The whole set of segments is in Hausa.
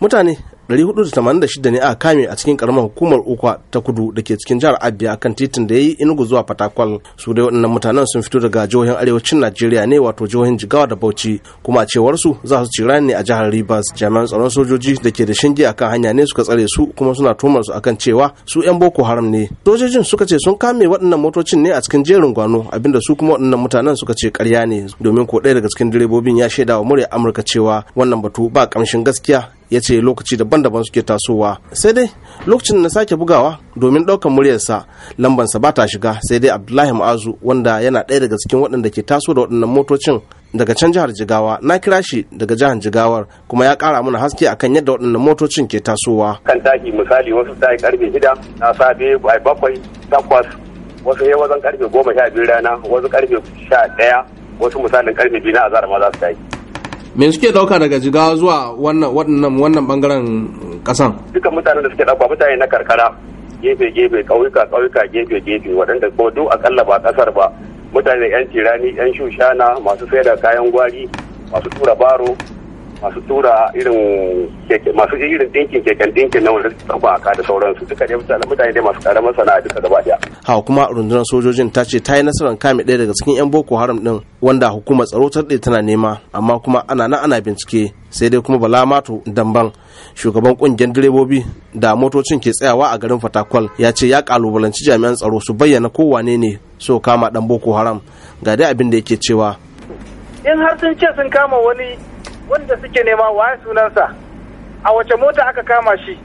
mutane 486 ne a kame a cikin karamar hukumar ukwa ta kudu da ke cikin jihar abia kan titin da ya yi inugu zuwa fatakwal su dai waɗannan mutanen sun fito daga jihohin arewacin najeriya ne wato jihohin jigawa da bauchi kuma a cewar su za su cira ne a jihar rivers jami'an tsaron sojoji da ke da shinge kan hanya ne suka tsare su kuma suna tuhumar su akan cewa su yan boko haram ne sojojin suka ce sun kame waɗannan motocin ne a cikin jerin gwano abinda su kuma waɗannan mutanen suka ce ƙarya ne domin ko ɗaya daga cikin direbobin ya shaidawa murya amurka cewa wannan batu ba ƙamshin gaskiya ya ce lokaci daban-daban suke tasowa sai dai lokacin na sake bugawa domin ɗaukar muryarsa lambansa ba ta shiga sai dai abdullahi ma'azu wanda yana ɗaya daga cikin waɗanda ke taso da waɗannan motocin daga can jihar jigawa na kira shi daga jihar jigawar kuma ya kara mana haske akan yadda waɗannan motocin ke tasowa kan taki misali wasu ta karfe shida na safe bakwai takwas wasu ya wajen karfe goma sha biyu rana wasu karfe sha ɗaya wasu misalin karfe biyu na azara ma za su tashi me suke dauka daga jiga zuwa wannan wannan bangaren kasan duka mutanen da suke dauka mutane na karkara gefe gefe kauyuka kauyuka gefe gefe waɗanda ko duk akalla ba kasar ba mutane yan tirani yan shushana masu sayar da kayan gwari masu tura baro masu tura irin keke masu irin dinkin keken dinkin na wurin tsabaka da sauransu duka ne mutane mutane dai masu karamar sana'a duka gaba daya ha kuma rundunar sojojin ta ce ta yi nasarar kame ɗaya daga cikin yan boko haram ɗin wanda hukumar tsaro ta ɗaya tana nema amma kuma ana nan ana bincike sai dai kuma bala mato damban shugaban kungiyar direbobi da motocin ke tsayawa a garin fatakwal ya ce ya kalubalanci jami'an tsaro su bayyana kowane ne so kama dan boko haram ga dai abin da yake cewa in har sun ce sun kama wani wanda suke nema waye sunansa a wace mota aka kama shi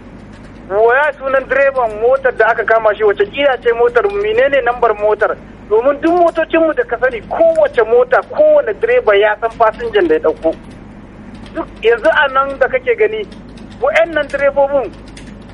waya sunan direban motar da aka kama shi wace kira ce motar menene nambar motar domin duk motocinmu da ka sani kowace mota kowane direba ya san fasinjan da ya dauko duk yanzu a nan da kake gani nan direbobin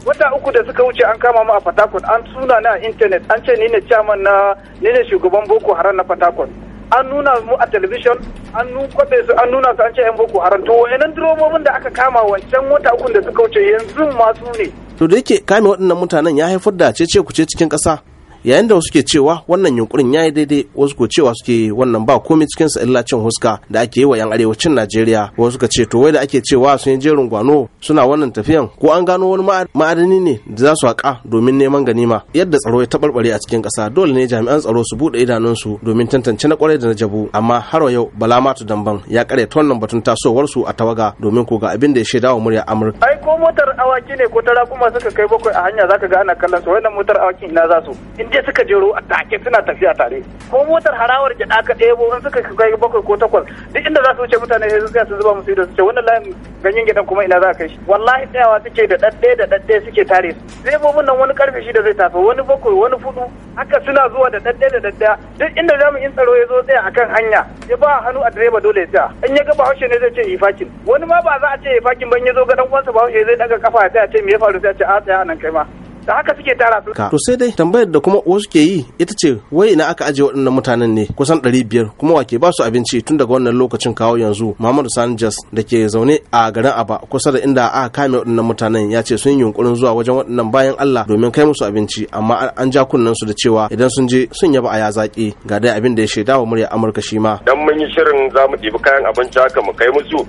wata uku da suka wuce an kama mu a fatakon an suna na intanet an ce ni ne chairman na ni ne shugaban boko haram na fatakon an nuna mu a television an kwaɗe su an nuna su an ce yan boko haram to wayannan direbobin da aka kama wancan wata uku da suka wuce yanzu masu ne to da yake kame waɗannan mutanen ya haifar da ce ku kuce cikin ƙasa yayin da wasu ke cewa wannan yunkurin ya yi daidai wasu ko cewa suke wannan ba komai cikin sa illa cin huska da ake yi wa yan arewacin Najeriya wasu ka ce to wai da ake cewa sun yi jerin gwano suna wannan tafiyan ko an gano wani ma'adani ne da za su haƙa domin neman ganima yadda tsaro ya taɓarɓare a cikin ƙasa dole ne jami'an tsaro su buɗe idanunsu domin tantance na kwarai da na jabu amma har yau Bala Matu Damban ya ƙare wannan batun tasowar su a tawaga domin ko ga abin da ya shaida wa murya Amurka ai ko motar awaki ne ko ta rakuma suka kai bakwai a hanya zaka ga ana kallon su wannan motar awakin ina za su je suka jero a take suna tafiya tare ko motar harawar gyaɗa ka ɗebo wani suka kai bakwai ko takwas duk inda za su wuce mutane sai suka su zuba musu ido su ce wannan layin ganyen gidan kuma ina za ka kai shi wallahi tsayawa suke da ɗaɗɗe da ɗaɗɗe suke tare zai bo nan wani karfe da zai tafi wani bakwai wani fudu haka suna zuwa da ɗaɗɗe da ɗaɗɗe duk inda in tsaro ya zo tsaya akan hanya ya ba hannu a direba dole ya tsaya in ya ga bahaushe ne zai ce fakin. wani ma ba za a ce fakin ban ya zo ga ɗan uwansa bahaushe zai daga kafa ya tsaya ce me ya faru sai a ce a tsaya nan kai ma da haka suke tara su to sai dai tambayar da kuma wasu suke yi ita ce wai ina aka aje waɗannan mutanen ne kusan ɗari biyar kuma wa ke ba su abinci tun daga wannan lokacin kawo yanzu Muhammadu Sanjas da ke zaune a garin Aba kusa da inda aka kame waɗannan mutanen ya ce sun yi yunkurin zuwa wajen waɗannan bayan Allah domin kai musu abinci amma an ja kunnen su da cewa idan sun je sun yaba a ya zaki ga dai abin da ya shaida wa murya Amurka shi ma dan mun yi shirin za mu ɗibi kayan abinci haka mu kai musu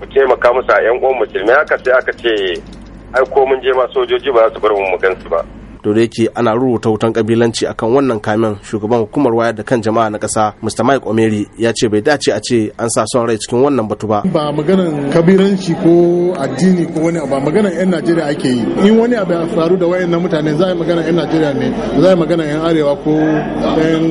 mu taimaka musu a 'yan uwan musulmi haka sai aka ce ai ko mun je ma sojoji ba za su bar mu mu gansu ba to da yake ana rubuta wutan kabilanci akan wannan kamen shugaban hukumar wayar da kan jama'a na kasa Mr Mike Omeri ya ce bai dace a ce an sa son rai cikin wannan batu ba ba maganan kabilanci ko addini ko wani ba maganan yan Najeriya ake yi in wani abu ya faru da wayannan mutane za a yi maganan yan Najeriya ne za a yi maganan yan arewa ko yan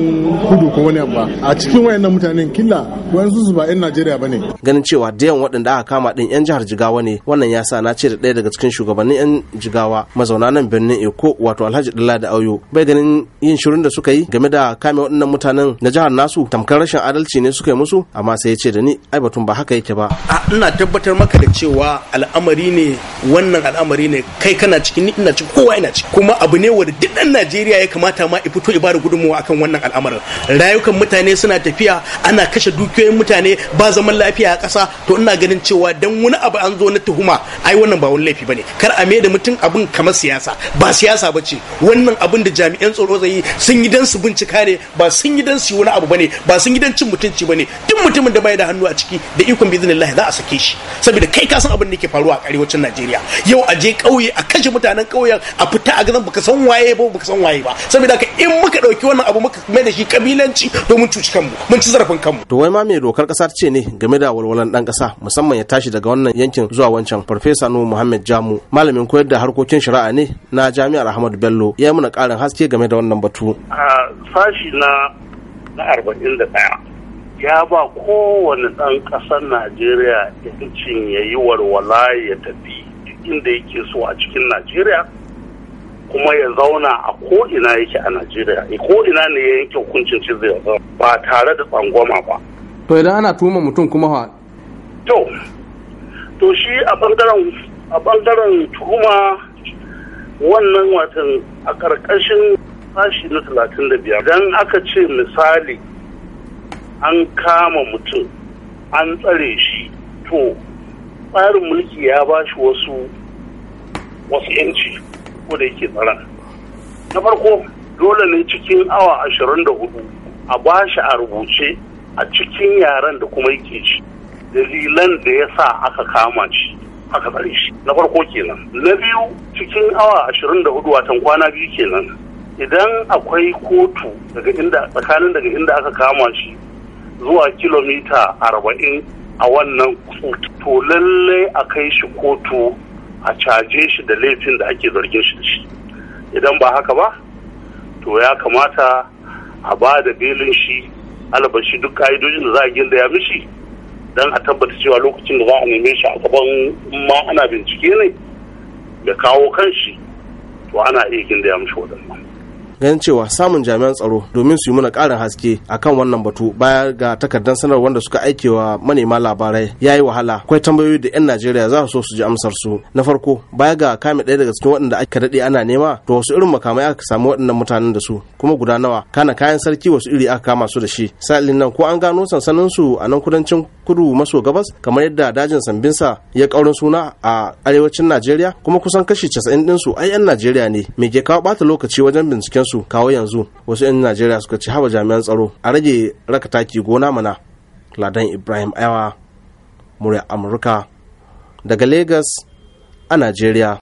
kudu ko wani abu ba a cikin wayannan mutanen killa wayansu su ba yan Najeriya bane ganin cewa da yawan waɗanda aka kama din yan jihar Jigawa ne wannan ya sa na ce da ɗaya daga cikin shugabannin yan Jigawa mazauna nan birnin Eko wato wato alhaji dala da auyo bai ganin yin shirin da suka yi game da kame waɗannan mutanen na jihar nasu tamkar rashin adalci ne suka yi musu amma sai ya ce da ni ai batun ba haka yake ba a ina tabbatar maka da cewa al'amari ne wannan al'amari ne kai kana cikin ni ina cikin kowa ina cikin kuma abu ne wanda duk dan Najeriya ya kamata ma i fito i bada gudunmawa akan wannan al'amarin rayukan mutane suna tafiya ana kashe dukiyoyin mutane ba zaman lafiya a ƙasa to ina ganin cewa dan wani abu an zo na tuhuma ai wannan ba wani laifi bane kar a mai da mutum abin kamar siyasa ba siyasa ba ce wannan abin da jami'an tsaro zai yi sun yi dan su bincika ne ba sun yi dan su wani abu bane ba sun yi dan cin mutunci bane duk mutumin da bai da hannu a ciki da ikon biznillahi za a sake shi saboda kai ka san abin da yake faruwa a arewacin Najeriya yau a je kauye a kashe mutanen kauyen a fita a gidan baka san waye ba baka san waye ba saboda ka in muka dauki wannan abu muka mai da shi kabilanci domin cuci kanmu mun ci zarafin kanmu to wai ma me dokar kasa ce ne game da walwalan dan kasa musamman ya tashi daga wannan yankin zuwa wancan farfesa Nuhu Muhammad Jamu malamin koyar da harkokin shari'a ne na Jami'ar Ahmadu Bello ya muna ƙarin haske game da wannan batu. A sashi na arba'in da ɗaya ya ba kowane ɗan ƙasar Najeriya yancin ya yi warwala ya tafi inda yake so a cikin Najeriya kuma ya zauna a ko'ina yake a Najeriya ko'ina ne ya yanke hukuncin ci zai ba tare da tsangwama ba. To idan ana tuma mutum kuma ha? To, to shi a bangaren tuhuma wannan watan a ƙarƙashin sashi na talatin da biyar idan aka ce misali an kama mutum an tsare shi to tsarin mulki ya ba shi wasu wasu yanci ko da yake tsaron na farko dole ne cikin awa ashirin da hudu a ba shi a rubuce a cikin yaren da kuma yake shi dalilan da ya sa aka kama shi a shi na farko kenan na biyu cikin awa ashirin da hudu watan kwana biyu kenan idan akwai kotu daga inda tsakanin daga inda aka kama shi zuwa kilomita arba'in a wannan to lallai a kai shi kotu a caje shi da laifin da ake zargin shi da shi idan ba haka ba to ya kamata a ba da belin shi albashi duk ka'idojin da za a ginda ya mishi don a tabbata cewa lokacin da za a neme shi a gaban ma ana bincike ne da kawo kanshi to ana iya gindaya mishi waɗannan ganin cewa samun jami'an tsaro domin su yi muna ƙarin haske akan wannan batu baya ga takardar sanarwar wanda suka aikewa manema labarai ya yi wahala akwai tambayoyi da 'yan najeriya za su so su ji amsar su na farko baya ga kame ɗaya daga cikin waɗanda aka daɗe ana nema to wasu irin makamai aka samu waɗannan mutanen da su kuma guda nawa kana kayan sarki wasu iri aka kama su da shi sa'ilin nan ko an gano sansanin su a nan kudancin kudu maso gabas kamar yadda dajin sambinsa ya kaurin suna a arewacin najeriya kuma kusan kashi 90 ɗinsu ai 'yan najeriya ne me ke kawo bata lokaci wajen binciken su kawo yanzu wasu 'yan najeriya suka ci haba jami'an tsaro a rage raka taki gona mana ladan ibrahim aiwa murya amurka daga lagos a najeriya